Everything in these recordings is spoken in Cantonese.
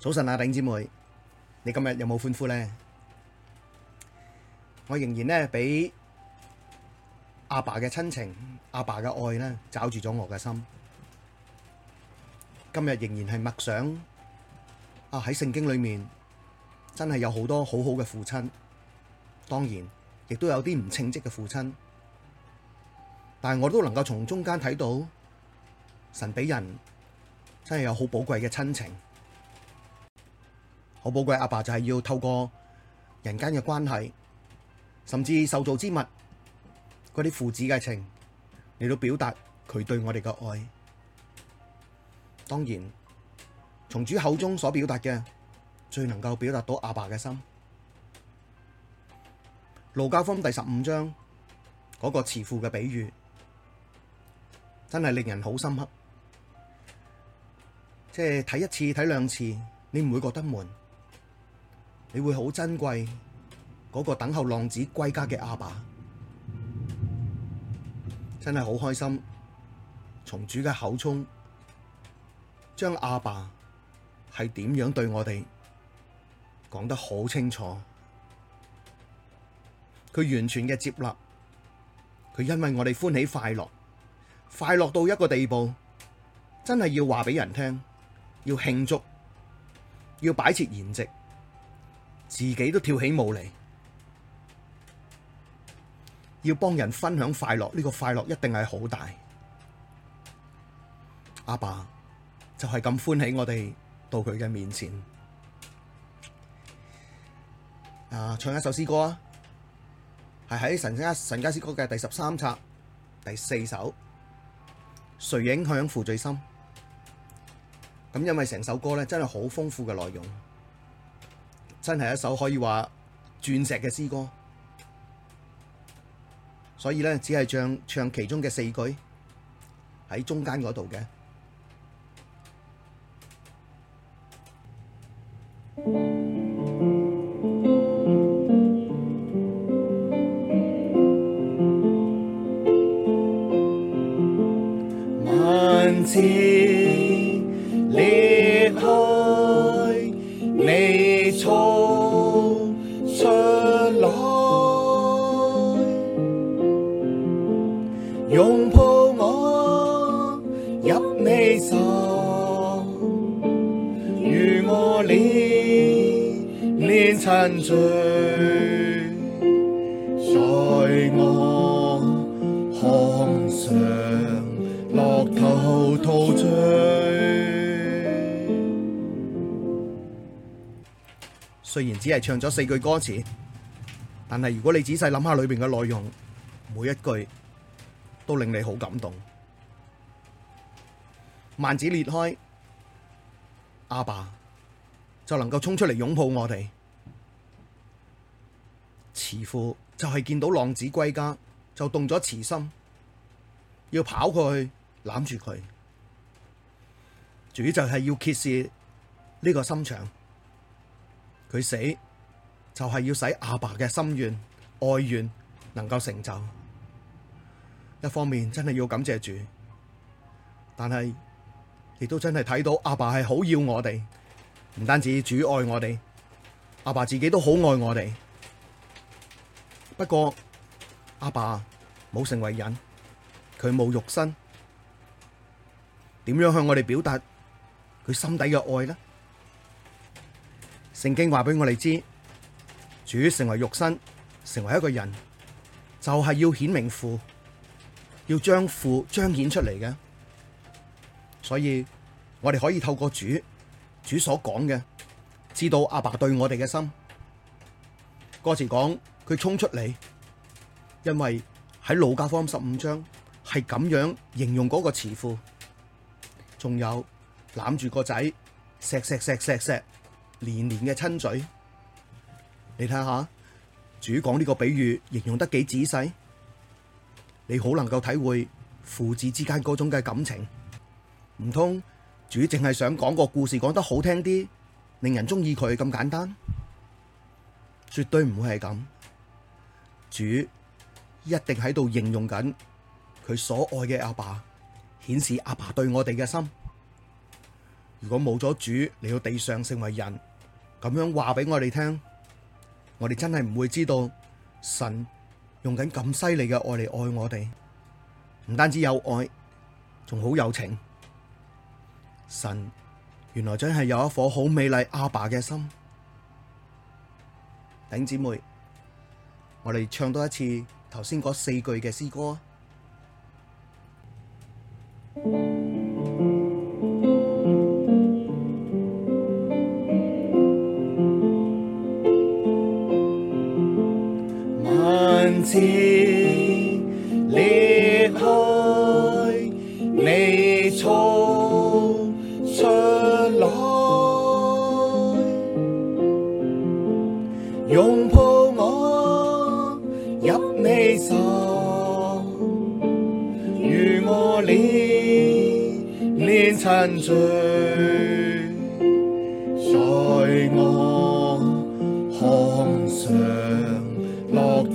早晨啊，頂姐妹，你今日有冇歡呼呢？我仍然咧俾阿爸嘅親情、阿爸嘅愛咧，罩住咗我嘅心。今日仍然係默想啊，喺聖經裏面真係有好多好好嘅父親，當然亦都有啲唔稱職嘅父親，但係我都能夠從中間睇到神俾人真係有好寶貴嘅親情。好寶貴，阿爸就係要透過人間嘅關係，甚至受造之物，嗰啲父子嘅情，嚟到表達佢對我哋嘅愛。當然，從主口中所表達嘅，最能夠表達到阿爸嘅心。路加福音第十五章嗰個慈父嘅比喻，真係令人好深刻。即係睇一次睇兩次，你唔會覺得悶？你會好珍貴嗰個等候浪子歸家嘅阿爸，真係好開心。從主嘅口中，將阿爸係點樣對我哋講得好清楚。佢完全嘅接納，佢因為我哋歡喜快樂，快樂到一個地步，真係要話俾人聽，要慶祝，要擺設筵席。自己都跳起舞嚟，要幫人分享快樂，呢、這個快樂一定係好大。阿爸，爸就係咁歡喜我哋到佢嘅面前。啊，唱一首詩歌啊，係喺神家神家詩歌嘅第十三冊第四首，誰影響父最深？咁因為成首歌咧，真係好豐富嘅內容。真係一首可以話鑽石嘅詩歌，所以咧只係唱唱其中嘅四句喺中間嗰度嘅，幔子陶醉，在我項上樂透、陶醉。雖然只係唱咗四句歌詞，但係如果你仔細諗下裏邊嘅內容，每一句都令你好感動。幔子裂開，阿爸，爸就能夠衝出嚟擁抱我哋。慈父就係見到浪子歸家，就動咗慈心，要跑過去攬住佢。主就係要揭示呢個心腸，佢死就係要使阿爸嘅心願、愛願能夠成就。一方面真係要感謝主，但係亦都真係睇到阿爸係好要我哋，唔單止主愛我哋，阿爸自己都好愛我哋。不過阿爸冇成為人，佢冇肉身，點樣向我哋表達佢心底嘅愛呢？聖經話俾我哋知，主成為肉身，成為一個人，就係、是、要顯明父，要將父彰顯出嚟嘅。所以我哋可以透過主，主所講嘅，知道阿爸，爸對我哋嘅心。歌詞講。佢衝出嚟，因為喺《路加福音》十五章係咁樣形容嗰個慈父，仲有攬住個仔，錫錫錫錫錫，連連嘅親嘴。你睇下，主講呢個比喻形容得幾仔細，你好能夠體會父子之間嗰種嘅感情。唔通主淨係想講個故事講得好聽啲，令人中意佢咁簡單？絕對唔會係咁。主一定喺度形容緊佢所愛嘅阿爸,爸，顯示阿爸,爸對我哋嘅心。如果冇咗主嚟到地上成為人，咁樣話俾我哋聽，我哋真係唔會知道神用緊咁犀利嘅愛嚟愛我哋，唔單止有愛，仲好有情。神原來真係有一顆好美麗阿爸嘅心，頂姊妹。我哋唱多一次頭先嗰四句嘅詩歌啊！幔子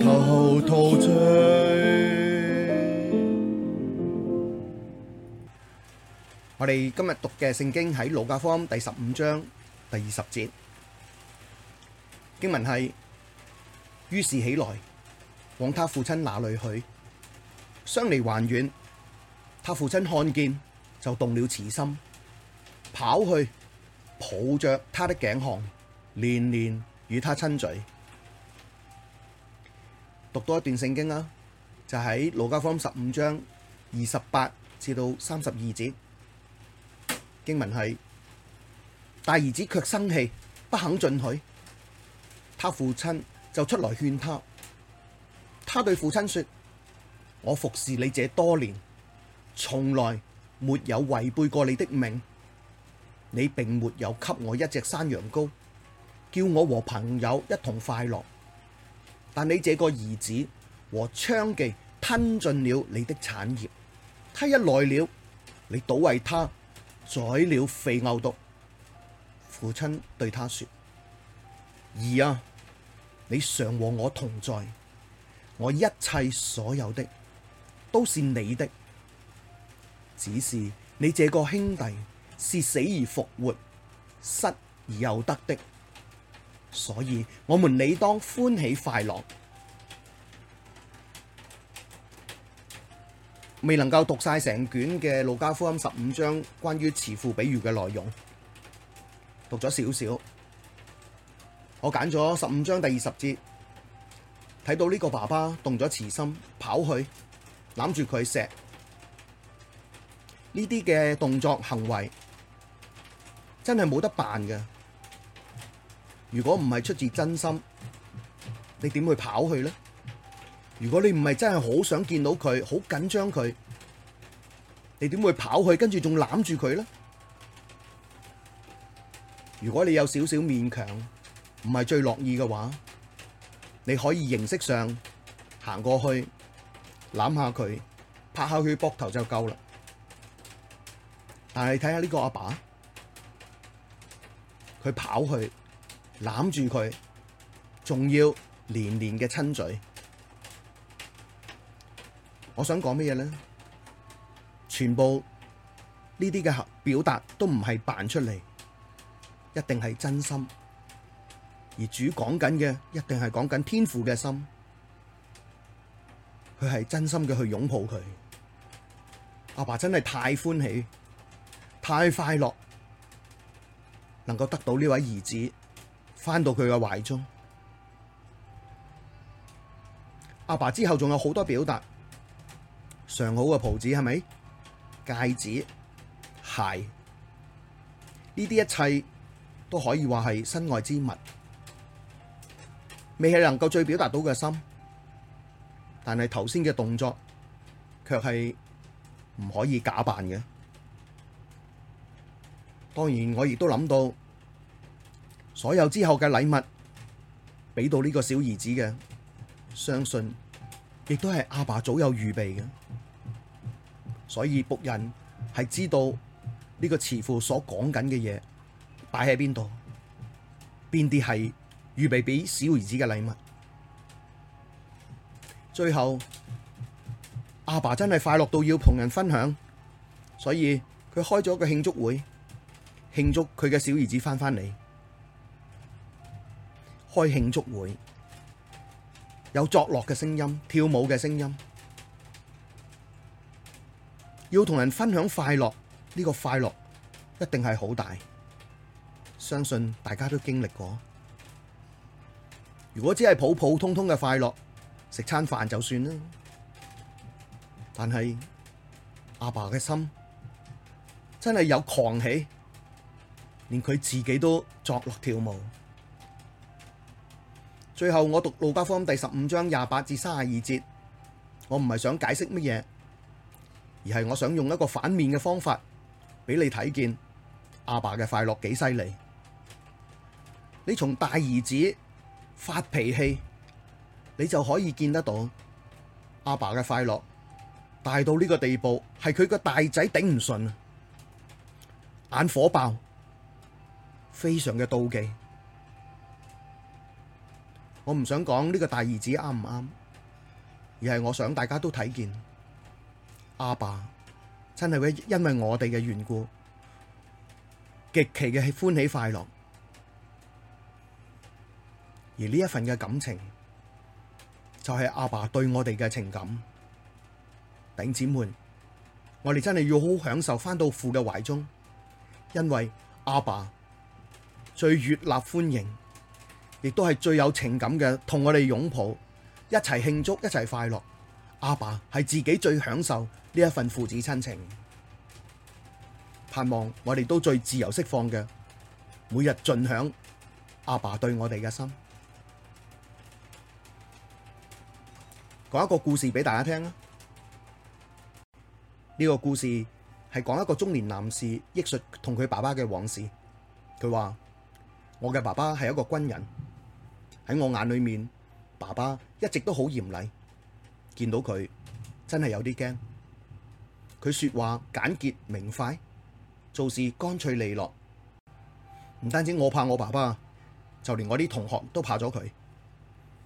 陶陶醉。我哋今日讀嘅聖經喺路加福音第十五章第二十節經文係：於是起來往他父親那裡去，相離還遠，他父親看見就動了慈心，跑去抱着他的頸項，連連與他親嘴。讀多一段聖經啦、啊，就喺《路加福音十五章二十八至到三十二節經文係：大兒子卻生氣，不肯進去。他父親就出來勸他。他對父親説：我服侍你這多年，從來沒有違背過你的命。你並沒有給我一隻山羊羔，叫我和朋友一同快樂。但你這個兒子和娼妓吞盡了你的產業，他一來了，你倒為他宰了肥牛犢。父親對他說：兒啊，你常和我同在，我一切所有的都是你的，只是你這個兄弟是死而復活、失而又得的。所以，我們理當歡喜快樂。未能夠讀晒成卷嘅《路加福音》十五章關於慈父比喻嘅內容，讀咗少少。我揀咗十五章第二十節，睇到呢個爸爸動咗慈心，跑去攬住佢錫。呢啲嘅動作行為，真係冇得扮嘅。如果唔係出自真心，你點會跑去呢？如果你唔係真係好想見到佢，好緊張佢，你點會跑去跟住仲攬住佢呢？如果你有少少勉強，唔係最樂意嘅話，你可以形式上行過去攬下佢，拍下佢膊頭就夠啦。但係睇下呢個阿爸，佢跑去。攬住佢，仲要連連嘅親嘴。我想講咩嘢呢？全部呢啲嘅表達都唔係扮出嚟，一定係真心。而主講緊嘅，一定係講緊天父嘅心。佢係真心嘅去擁抱佢。阿爸，爸真係太歡喜，太快樂，能夠得到呢位兒子。翻到佢嘅懷中，阿爸,爸之後仲有好多表達，上好嘅袍子係咪？戒指、鞋呢啲一切都可以話係身外之物，未係能夠最表達到嘅心，但係頭先嘅動作卻係唔可以假扮嘅。當然，我亦都諗到。所有之後嘅禮物俾到呢個小兒子嘅，相信亦都係阿爸早有預備嘅。所以僕人係知道呢個慈父所講緊嘅嘢擺喺邊度，邊啲係預備俾小兒子嘅禮物。最後阿爸真係快樂到要同人分享，所以佢開咗個慶祝會慶祝佢嘅小兒子翻返嚟。開慶祝會，有作樂嘅聲音、跳舞嘅聲音，要同人分享快樂。呢個快樂一定係好大，相信大家都經歷過。如果只係普普通通嘅快樂，食餐飯就算啦。但係阿爸嘅心真係有狂喜，連佢自己都作樂跳舞。最後我讀路加福音第十五章廿八至三十二節，我唔係想解釋乜嘢，而係我想用一個反面嘅方法，俾你睇見阿爸嘅快樂幾犀利。你從大兒子發脾氣，你就可以見得到阿爸嘅快樂大到呢個地步，係佢個大仔頂唔順啊，眼火爆，非常嘅妒忌。我唔想講呢個大兒子啱唔啱，而係我想大家都睇見阿爸真係會因為我哋嘅緣故，極其嘅歡喜快樂。而呢一份嘅感情，就係、是、阿爸對我哋嘅情感。弟兄們，我哋真係要好享受返到父嘅懷中，因為阿爸最悅納歡迎。亦都係最有情感嘅，同我哋擁抱，一齊慶祝，一齊快樂。阿爸係自己最享受呢一份父子親情，盼望我哋都最自由釋放嘅，每日盡享阿爸對我哋嘅心。講一個故事俾大家聽啦。呢個故事係講一個中年男士憶述同佢爸爸嘅往事。佢話：我嘅爸爸係一個軍人。喺我眼裏面，爸爸一直都好嚴厲。見到佢真係有啲驚。佢説話簡潔明快，做事乾脆利落。唔單止我怕我爸爸，就連我啲同學都怕咗佢。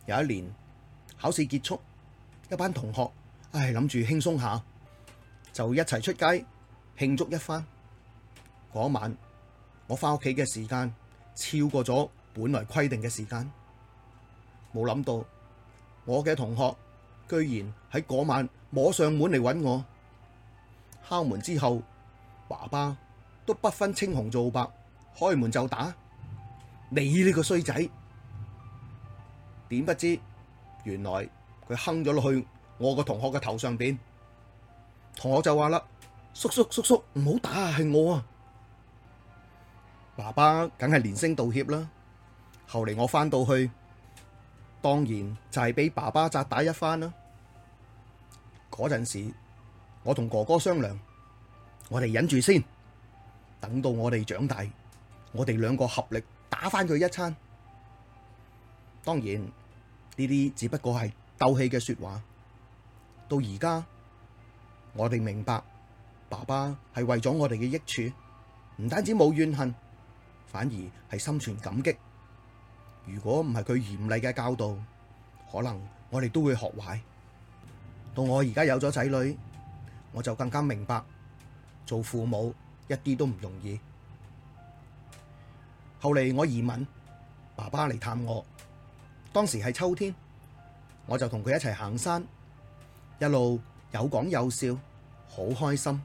有一年考試結束，一班同學唉諗住輕鬆下，就一齊出街慶祝一番。嗰晚我返屋企嘅時間超過咗本來規定嘅時間。冇諗到，我嘅同學居然喺嗰晚摸上門嚟揾我，敲門之後，爸爸都不分青紅皂白，開門就打你呢個衰仔。點不知，原來佢哼咗落去我個同學嘅頭上邊。同學就話啦：叔叔叔叔叔，唔好打，係我啊！爸爸梗係連聲道歉啦。後嚟我翻到去。當然就係俾爸爸責打一番啦、啊！嗰陣時，我同哥哥商量，我哋忍住先，等到我哋長大，我哋兩個合力打返佢一餐。當然呢啲只不過係鬥氣嘅說話。到而家，我哋明白爸爸係為咗我哋嘅益處，唔單止冇怨恨，反而係心存感激。如果唔係佢嚴厲嘅教導，可能我哋都會學壞。到我而家有咗仔女，我就更加明白做父母一啲都唔容易。後嚟我移民，爸爸嚟探我，當時係秋天，我就同佢一齊行山，一路有講有笑，好開心。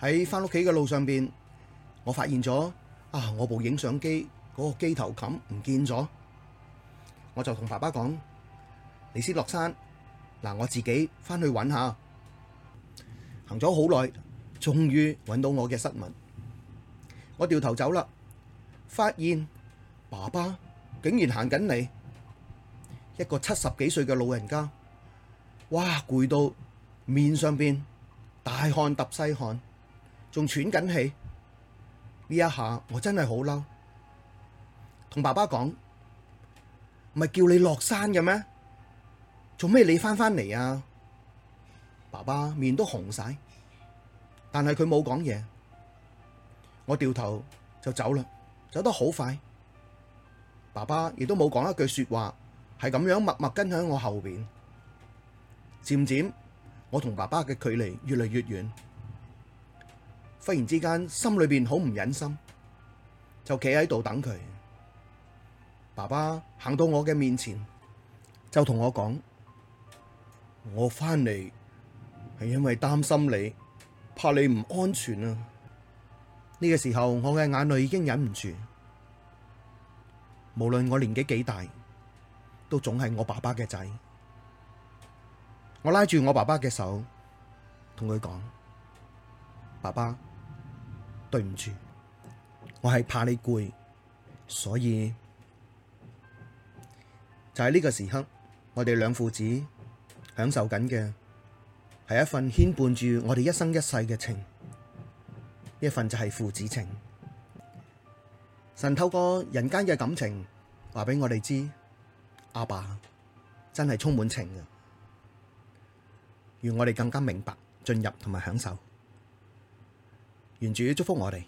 喺翻屋企嘅路上邊，我發現咗啊，我部影相機。嗰個機頭冚唔見咗，我就同爸爸講：你先落山，嗱，我自己翻去揾下。行咗好耐，終於揾到我嘅失物。我掉頭走啦，發現爸爸竟然行緊嚟。一個七十幾歲嘅老人家，哇，攰到面上邊大汗揼細汗，仲喘緊氣。呢一下我真係好嬲。同爸爸講，唔係叫你落山嘅咩？做咩你翻返嚟啊？爸爸面都紅晒，但係佢冇講嘢。我掉頭就走啦，走得好快。爸爸亦都冇講一句說話，係咁樣默默跟喺我後邊。漸漸，我同爸爸嘅距離越嚟越遠。忽然之間，心裏邊好唔忍心，就企喺度等佢。爸爸行到我嘅面前，就同我講：我翻嚟係因為擔心你，怕你唔安全啊！呢個時候，我嘅眼淚已經忍唔住。無論我年紀幾大，都總係我爸爸嘅仔。我拉住我爸爸嘅手，同佢講：爸爸，對唔住，我係怕你攰，所以。就喺呢個時刻，我哋兩父子享受緊嘅係一份牽絆住我哋一生一世嘅情，一份就係父子情。神透過人間嘅感情，話俾我哋知，阿爸真係充滿情嘅，願我哋更加明白、進入同埋享受。願主祝福我哋。